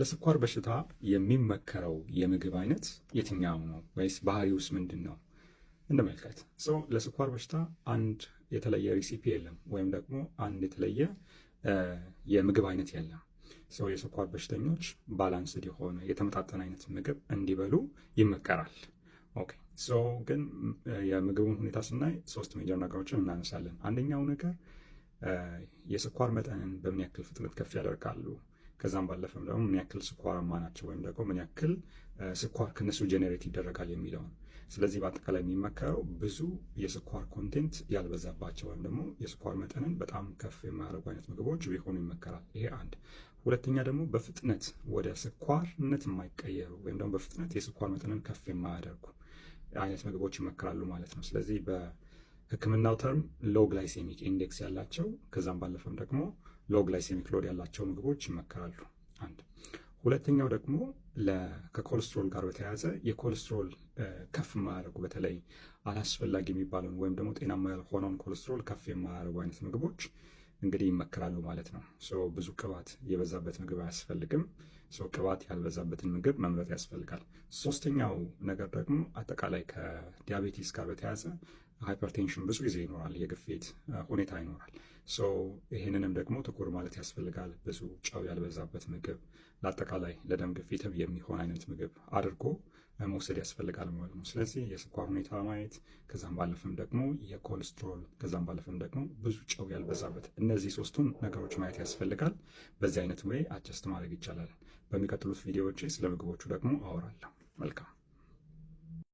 ለስኳር በሽታ የሚመከረው የምግብ አይነት የትኛው ነው? ወይስ ውስጥ ምንድን ነው? እንመልከት። ሰው ለስኳር በሽታ አንድ የተለየ ሪሲፒ የለም፣ ወይም ደግሞ አንድ የተለየ የምግብ አይነት የለም። ሰው የስኳር በሽተኞች ባላንስድ የሆነ የተመጣጠነ አይነት ምግብ እንዲበሉ ይመከራል። ኦኬ ሶ ግን የምግቡን ሁኔታ ስናይ ሶስት ሜጀር ነገሮችን እናነሳለን። አንደኛው ነገር የስኳር መጠንን በምን ያክል ፍጥነት ከፍ ያደርጋሉ ከዛም ባለፈም ደግሞ ምን ያክል ስኳራማ ናቸው ወይም ደግሞ ምን ያክል ስኳር ከነሱ ጀኔሬት ይደረጋል የሚለው ነው። ስለዚህ በአጠቃላይ የሚመከረው ብዙ የስኳር ኮንቴንት ያልበዛባቸው ወይም ደግሞ የስኳር መጠንን በጣም ከፍ የማያደርጉ አይነት ምግቦች ቢሆኑ ይመከራል። ይሄ አንድ። ሁለተኛ ደግሞ በፍጥነት ወደ ስኳርነት የማይቀየሩ ወይም ደግሞ በፍጥነት የስኳር መጠንን ከፍ የማያደርጉ አይነት ምግቦች ይመከራሉ ማለት ነው። ስለዚህ በሕክምናው ተርም ሎው ግላይሴሚክ ኢንዴክስ ያላቸው ከዛም ባለፈም ደግሞ ሎ ግላይሴሚክ ሎድ ያላቸው ምግቦች ይመከራሉ። አንድ ሁለተኛው ደግሞ ከኮሌስትሮል ጋር በተያያዘ የኮሌስትሮል ከፍ የማያደርጉ በተለይ አላስፈላጊ የሚባለውን ወይም ደግሞ ጤናማ ያልሆነውን ኮሌስትሮል ከፍ የማያደርጉ አይነት ምግቦች እንግዲህ ይመከራሉ ማለት ነው። ብዙ ቅባት የበዛበት ምግብ አያስፈልግም። ቅባት ያልበዛበትን ምግብ መምረጥ ያስፈልጋል። ሶስተኛው ነገር ደግሞ አጠቃላይ ከዲያቤቲስ ጋር በተያያዘ ሃይፐርቴንሽን ብዙ ጊዜ ይኖራል፣ የግፊት ሁኔታ ይኖራል። ሶ ይህንንም ደግሞ ትኩር ማለት ያስፈልጋል። ብዙ ጨው ያልበዛበት ምግብ፣ ለአጠቃላይ ለደም ግፊትም የሚሆን አይነት ምግብ አድርጎ መውሰድ ያስፈልጋል ማለት ነው። ስለዚህ የስኳር ሁኔታ ማየት ከዛም ባለፍም ደግሞ የኮሌስትሮል ከዛም ባለፍም ደግሞ ብዙ ጨው ያልበዛበት እነዚህ ሶስቱን ነገሮች ማየት ያስፈልጋል። በዚህ አይነት ወይ አጀስት ማድረግ ይቻላል። በሚቀጥሉት ቪዲዮዎች ስለ ምግቦቹ ደግሞ አወራለሁ። መልካም